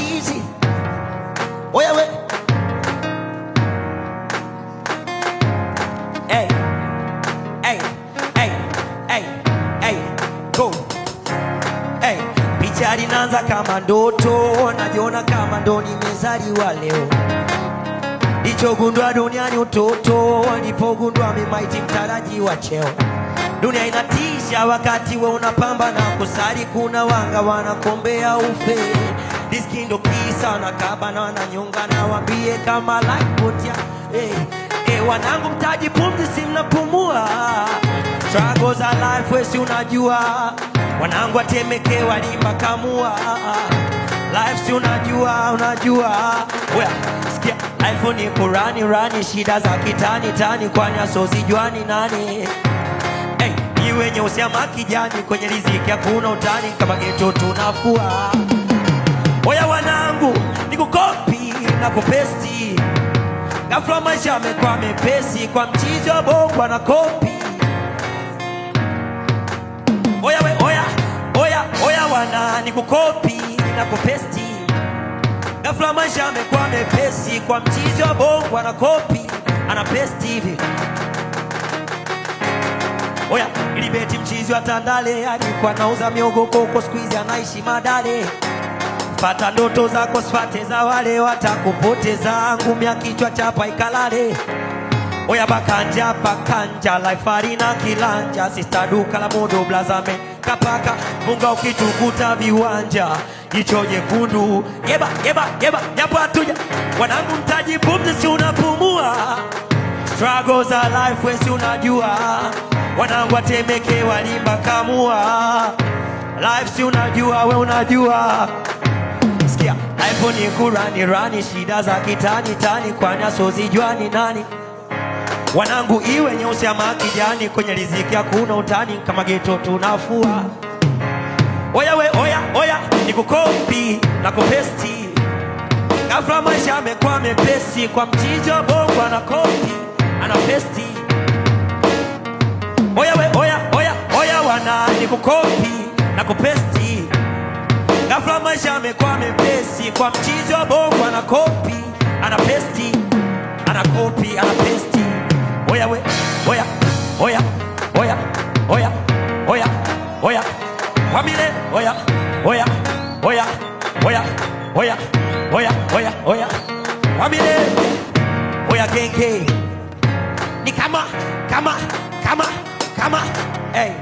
jiji oyawe hey, hey, hey, hey, hey, go hey. Picha linaanza kama ndoto, najiona kama ndo nimezaliwa leo, lichogundwa duniani utoto, nipogundwa mimaiti mtaraji wa cheo Dunia inatisha wakati we unapamba na kusali, kuna wanga wanakombea ufe diski ndo kisa wanakabana wananyonga na wambie kama lifebotia hey. Eh. Eh, hey, wanangu mtaji pumzi simnapumua trago za life wesi unajua wanangu atemeke walimba kamua life si unajua unajua well, sikia life ni kurani rani shida za kitani tani kwani asozijwani nani hey, eh, iwe nyeusi ama kijani kwenye riziki hakuna utani kama geto tunafua Oya wanangu, nikukopi na kupesti, ghafla maisha yamekuwa mepesi, kwa mchizi wa bongo na kopi. Oya we, oya oya oya wana, nikukopi na kupesti, ghafla maisha yamekuwa mepesi, kwa mchizi wa bongo na kopi, ana pesti hivi. Oya ilibeti mchizi wa Tandale alikuwa nauza miogo koko, siku hizi anaishi Madale pata ndoto zako sipate za wale watakupoteza, ngumi kichwa chapa ikalale. Oya bakanja bakanja laifari kilanja sista duka la modo blazame kapaka munga ukitukuta viwanja jicho jekundu yeba yeba yeba yapo hatuja wanangu mtaji pumzi si unapumua struggle za life wesi unajua wanangu watemeke walimba kamua life si unajua we unajua Sikia aipo ni kurani rani, shida za kitani tani, kwa nyaso nani wanangu, iwe nyeusi ama kijani, kwenye riziki hakuna utani, kama geto tunafua. Oya we oya oya, nikukopi na kupesti ghafla maisha amekuwa mepesi, kwa mtijo bongo ana kopi ana pesti. Oya we oya oya oya, wana nikukopi na kupesti Gafla maisha amekuwa mepesi kwa mchizi wa bongo, ana kopi ana pesti ana kopi ana pesti. Oya we oya oya oya oya oya oya Pamile oya oya oya oya oya oya oya oya Pamile oya genge ni kama kama kama kama hey.